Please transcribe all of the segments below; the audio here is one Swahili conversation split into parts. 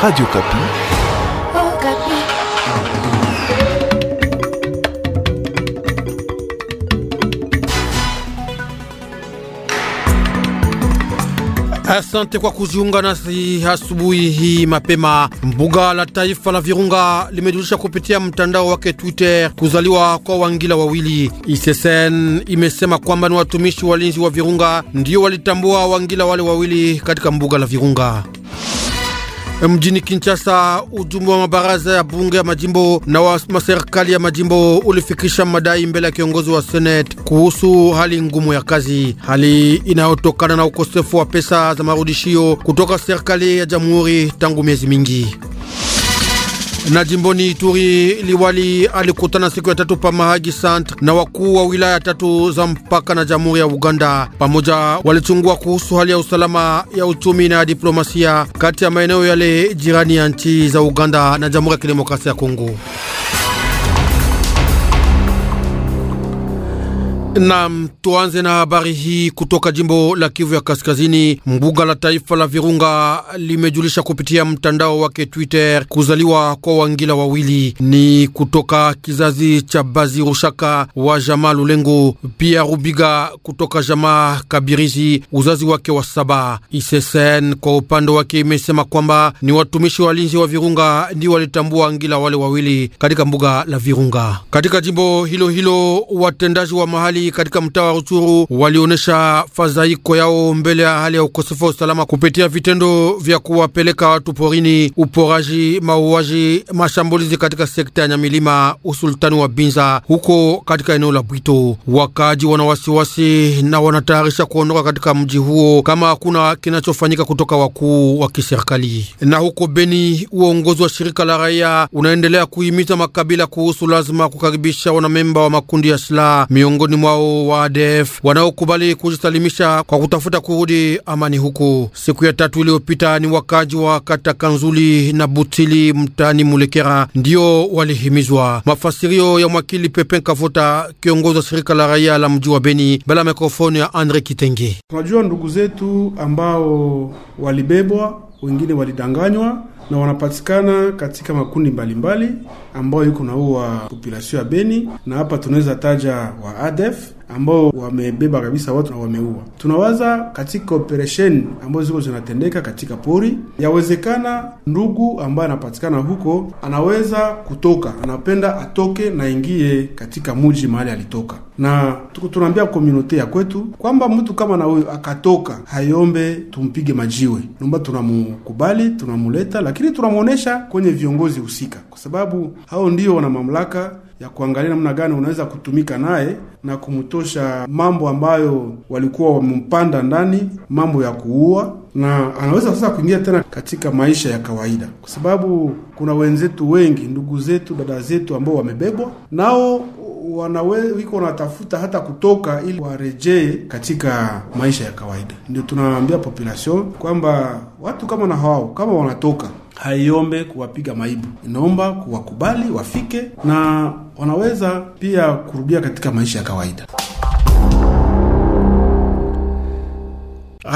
Radio Kapi. Oh, Kapi. Asante kwa kujiunga nasi asubuhi hii mapema. Mbuga la taifa la Virunga limejulisha kupitia mtandao wake Twitter kuzaliwa kwa wangila wawili. ISSN imesema kwamba ni watumishi walinzi wa Virunga ndio walitambua wangila wale wawili katika mbuga la Virunga. Mjini Kinshasa, ujumbe wa mabaraza ya bunge ya majimbo na wa maserikali ya majimbo ulifikisha madai mbele ya kiongozi wa senate kuhusu hali ngumu ya kazi, hali inayotokana na ukosefu wa pesa za marudishio kutoka serikali ya jamhuri tangu miezi mingi. Na jimboni Ituri, liwali alikutana siku ya tatu pa Mahagi Centre na wakuu wa wilaya tatu za mpaka na Jamhuri ya Uganda. Pamoja walichungua kuhusu hali ya usalama ya uchumi na ya diplomasia kati ya maeneo yale jirani ya nchi za Uganda na Jamhuri ya Kidemokrasia ya Kongo. Nam, tuanze na habari hii kutoka jimbo la Kivu ya Kaskazini. Mbuga la taifa la Virunga limejulisha kupitia mtandao wake Twitter kuzaliwa kwa wangila wawili ni kutoka kizazi cha Bazi Rushaka wa jamaa Lulengo, pia Rubiga kutoka jamaa Kabirizi, uzazi wake wa saba. Isesen kwa upande wake imesema kwamba ni watumishi walinzi wa Virunga ndio walitambua wangila wale wawili katika mbuga la Virunga. Katika jimbo hilo hilo watendaji wa mahali mahali katika mtaa wa Ruchuru walionyesha fadhaiko yao mbele ya hali ya ukosefu wa usalama kupitia vitendo vya kuwapeleka watu porini, uporaji, mauaji, mashambulizi katika sekta ya Nyamilima, usultani wa Binza huko katika eneo la Bwito. Wakaaji wana wasiwasi na wanatayarisha kuondoka katika mji huo kama hakuna kinachofanyika kutoka wakuu wa kiserikali. Na huko Beni, uongozi wa shirika la raia unaendelea kuhimiza makabila kuhusu lazima kukaribisha wanamemba wa makundi ya silaha miongoni mwa wao wa ADF wanaokubali kujisalimisha kwa kutafuta kurudi amani huko. Siku ya tatu iliyopita, ni wakaji wa kata Kanzuli na Butili mtaani Mulekera ndiyo walihimizwa. Mafasirio ya mwakili Pepe Kavota, kiongozi wa shirika la raia la mji wa Beni, bila mikrofoni ya Andre Kitenge. Tunajua ndugu zetu ambao walibebwa, wengine walidanganywa na wanapatikana katika makundi mbalimbali ambayo iko na huo wa populasio ya Beni, na hapa tunaweza taja wa ADF ambao wamebeba kabisa watu na wameua. Tunawaza katika operesheni ambazo ziko zinatendeka katika pori, yawezekana ndugu ambaye anapatikana huko anaweza kutoka, anapenda atoke na ingie katika muji mahali alitoka, na tunaambia komunote ya kwetu kwamba mtu kama na huyo akatoka hayombe tumpige majiwe, naomba tunamukubali, tunamuleta lakini lakini tunamwonyesha kwenye viongozi husika, kwa sababu hao ndio wana mamlaka ya kuangalia namna gani unaweza kutumika naye na kumtosha mambo ambayo walikuwa wamempanda ndani, mambo ya kuua, na anaweza sasa kuingia tena katika maisha ya kawaida, kwa sababu kuna wenzetu wengi, ndugu zetu, dada zetu ambao wamebebwa nao wanawe wiko wanatafuta hata kutoka ili warejee katika maisha ya kawaida. Ndio tunaambia population kwamba watu kama na hao kama wanatoka haiombe kuwapiga maibu, inaomba kuwakubali wafike, na wanaweza pia kurudia katika maisha ya kawaida.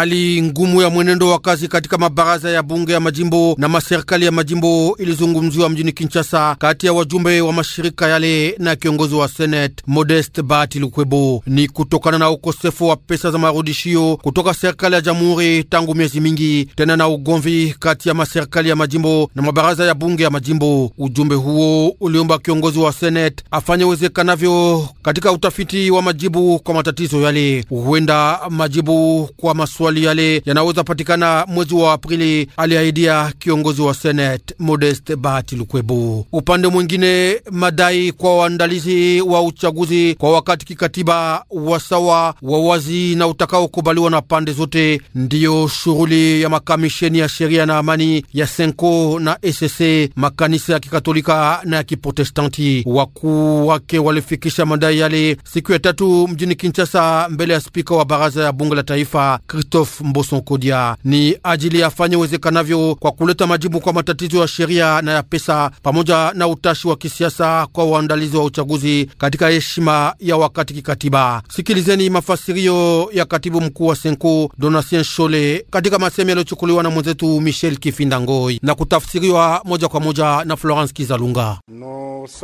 Hali ngumu ya mwenendo wa kazi katika mabaraza ya bunge ya majimbo na maserikali ya majimbo ilizungumziwa mjini Kinshasa kati ya wajumbe wa mashirika yale na kiongozi wa Senate Modeste Bahati Lukwebo. Ni kutokana na ukosefu wa pesa za marudishio kutoka serikali ya jamhuri tangu miezi mingi, tena na ugomvi kati ya maserikali ya majimbo na mabaraza ya bunge ya majimbo. Ujumbe huo uliomba kiongozi wa Senate afanye wezekanavyo katika utafiti wa majibu kwa matatizo yale, huenda majibu kwa maswali maswali yale yanaweza patikana mwezi wa Aprili, aliahidia kiongozi wa Senate Modeste Bahati Lukwebu. Upande mwingine, madai kwa waandalizi wa uchaguzi kwa wakati kikatiba wasawa wawazi na utakaokubaliwa na pande zote ndiyo shughuli ya makamisheni ya sheria na amani ya Senko na Esese, makanisa ya kikatolika na ya kiprotestanti. Wakuu wake walifikisha madai yale siku ya tatu mjini Kinshasa mbele ya spika wa baraza ya bunge la taifa Christ Christophe Kodia ni ajili afanye uwezekanavyo kwa kuleta majibu kwa matatizo ya sheria na ya pesa pamoja na utashi wa kisiasa kwa uandalizi wa uchaguzi katika heshima ya wakati kikatiba. Sikilizeni mafasirio ya katibu mkuu wa Senko Donatien Shole katika masemi yaliyochukuliwa na mwenzetu Michel Kifinda Ngoi na kutafsiriwa moja kwa moja na Florence Kizalunga.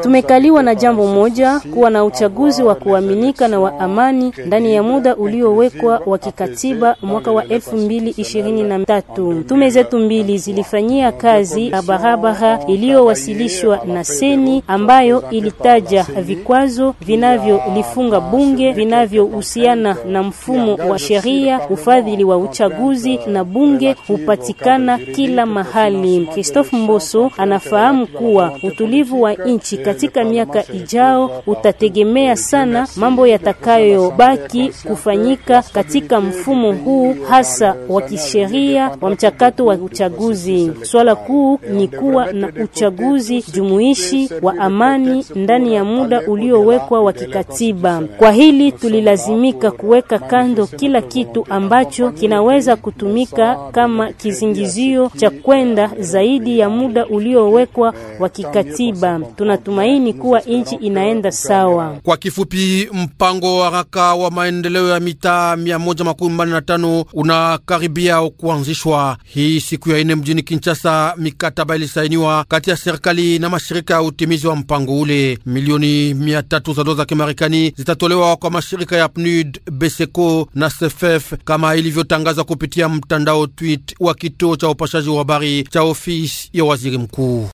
Tumekaliwa na jambo moja, kuwa na uchaguzi wa kuaminika na wa amani ndani ya muda uliowekwa wa kikatiba mwaka wa elfu mbili ishirini na tatu. Tume zetu mbili zilifanyia kazi ya barabara iliyowasilishwa na Seni ambayo ilitaja vikwazo vinavyolifunga bunge vinavyohusiana na mfumo wa sheria, ufadhili wa uchaguzi na bunge hupatikana kila mahali. Christophe Mboso anafahamu kuwa utulivu wa nchi katika miaka ijao utategemea sana mambo yatakayobaki kufanyika katika mfumo huu hasa wa kisheria wa mchakato wa uchaguzi. Swala kuu ni kuwa na uchaguzi jumuishi wa amani ndani ya muda uliowekwa wa kikatiba. Kwa hili tulilazimika kuweka kando kila kitu ambacho kinaweza kutumika kama kizingizio cha kwenda zaidi ya muda uliowekwa wa kikatiba. Tunatumaini kuwa nchi inaenda sawa. Kwa kifupi, mpango wa haraka wa maendeleo ya mitaa 145 unakaribia kuanzishwa hii siku ya ine mjini Kinshasa. Mikataba ilisainiwa kati ya serikali na mashirika ya utimizi wa mpango ule. Milioni mia tatu za dola za Kimarekani zitatolewa kwa mashirika ya PNUD, BESECO na SFF kama ilivyotangazwa kupitia mtandao tweet wa kituo cha upashaji wa habari cha ofisi ya waziri mkuu.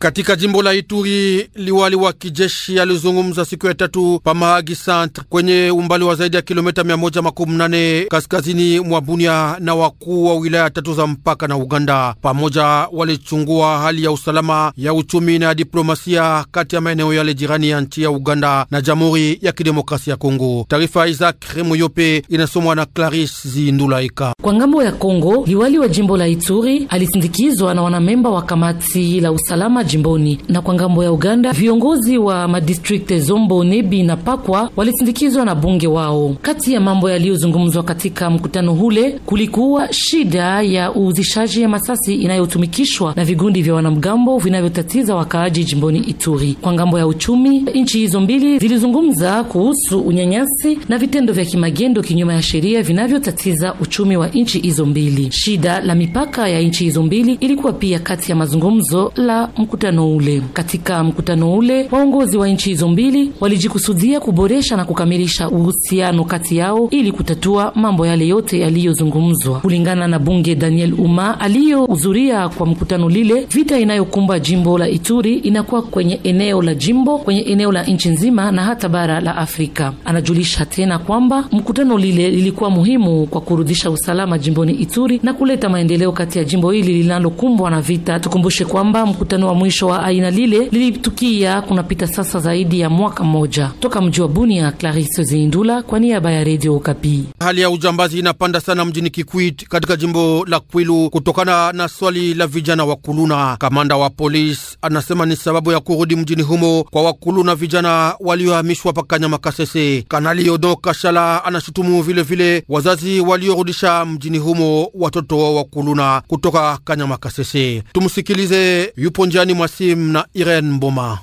Katika jimbo la Ituri, liwali wa kijeshi alizungumza siku ya tatu pa Mahagi Centre kwenye umbali wa zaidi ya kilomita 118 kaskazini mwa Bunia na wakuu wa wilaya tatu za mpaka na Uganda. Pamoja walichungua hali ya usalama ya uchumi na ya diplomasia kati ya maeneo yale jirani ya nchi ya Uganda na Jamhuri ya Kidemokrasia ya Kongo. Taarifa ya Isaac Remoyope inasomwa na Clarisse Zindulaika. Kwa ngambo ya Kongo, liwali wa jimbo la Ituri alisindikizwa na wanamemba wa kamati la usalama jimboni. Na kwa ngambo ya Uganda, viongozi wa madistrikte Zombo, Nebi na Pakwa walisindikizwa na bunge wao. Kati ya mambo yaliyozungumzwa katika mkutano hule, kulikuwa shida ya uuzishaji ya masasi inayotumikishwa na vigundi vya wanamgambo vinavyotatiza wakaaji jimboni Ituri. Kwa ngambo ya uchumi, nchi hizo mbili zilizungumza kuhusu unyanyasi na vitendo vya kimagendo kinyuma ya sheria vinavyotatiza uchumi wa nchi hizo mbili. Shida la mipaka ya nchi hizo mbili ilikuwa pia kati ya mazungumzo la mkutano mkutano ule. Katika mkutano ule, waongozi wa nchi hizo mbili walijikusudia kuboresha na kukamilisha uhusiano kati yao ili kutatua mambo yale yote yaliyozungumzwa. Kulingana na bunge Daniel Uma aliyohudhuria kwa mkutano lile, vita inayokumba jimbo la Ituri inakuwa kwenye eneo la jimbo, kwenye eneo la nchi nzima na hata bara la Afrika. Anajulisha tena kwamba mkutano lile lilikuwa muhimu kwa kurudisha usalama jimboni Ituri na kuleta maendeleo kati ya jimbo hili linalokumbwa na vita. Tukumbushe kwamba mkutano wa mwisho wa aina lile lilitukia kunapita sasa zaidi ya mwaka mmoja. Toka mji wa Bunia, Clarisse Zindula kwa niaba ya Radio Okapi. Hali ya ujambazi inapanda sana mjini Kikwit katika jimbo la Kwilu kutokana na swali la vijana wa kuluna. Kamanda wa polisi anasema ni sababu ya kurudi mjini humo kwa wakuluna vijana waliohamishwa Pakanyama Kasese. Kanali Odo Kashala anashutumu vilevile vile wazazi waliorudisha mjini humo watoto wa wakuluna kutoka Kanyama Kasese. Tumsikilize, yupo njiani Mwasim na Irene Mboma.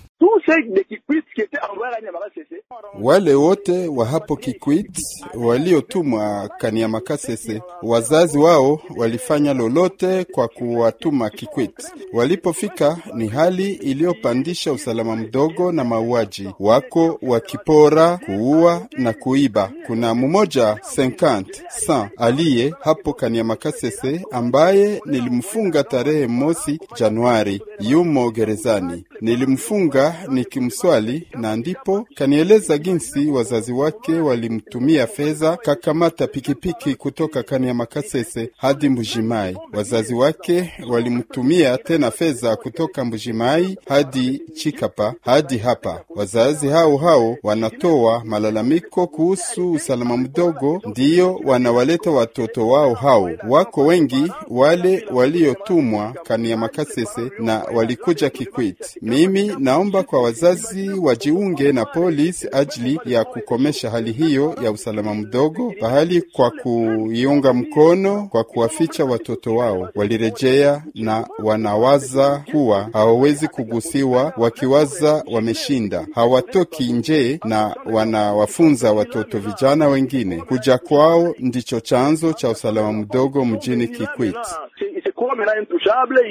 Wale wote wa hapo Kikwit waliotumwa Kaniamakasese, wazazi wao walifanya lolote kwa kuwatuma Kikwit. Walipofika ni hali iliyopandisha usalama mdogo na mauaji, wako wakipora, kuua na kuiba. Kuna mmoja 50 100 aliye hapo Kaniamakasese ambaye nilimfunga tarehe mosi Januari yumo gerezani. Nilimfunga nikimswali, na ndipo kanieleza jinsi wazazi wake walimtumia fedha kakamata pikipiki kutoka kani ya makasese hadi Mbujimai. Wazazi wake walimtumia tena fedha kutoka Mbujimai hadi Chikapa hadi hapa. Wazazi hao hao wanatoa malalamiko kuhusu usalama mdogo, ndiyo wanawaleta watoto wao hao. Wako wengi wale waliotumwa kani ya makasese na walikuja Kikwit. Mimi naomba kwa wazazi wajiunge na polisi ajili ya kukomesha hali hiyo ya usalama mdogo pahali, kwa kuiunga mkono kwa kuwaficha watoto wao. Walirejea na wanawaza kuwa hawawezi kugusiwa, wakiwaza wameshinda, hawatoki nje na wanawafunza watoto vijana wengine. Kuja kwao ndicho chanzo cha usalama mdogo mjini Kikwit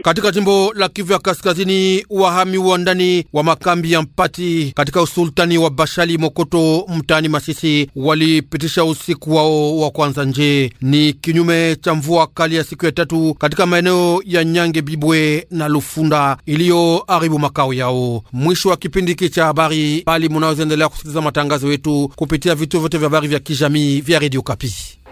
katika jimbo la Kivu ya Kaskazini, wahami wa ndani wa makambi ya Mpati katika usultani wa Bashali Mokoto mtaani Masisi walipitisha usiku wao wa kwanza nje. Ni kinyume cha mvua kali ya siku ya tatu katika maeneo ya Nyange, Bibwe na Lufunda iliyo aribu makao yao. Mwisho wa kipindi hiki cha habari, bali munaweza endelea kusikiliza matangazo yetu kupitia vituo vyote vya habari vya kijamii vya Radio Kapisi.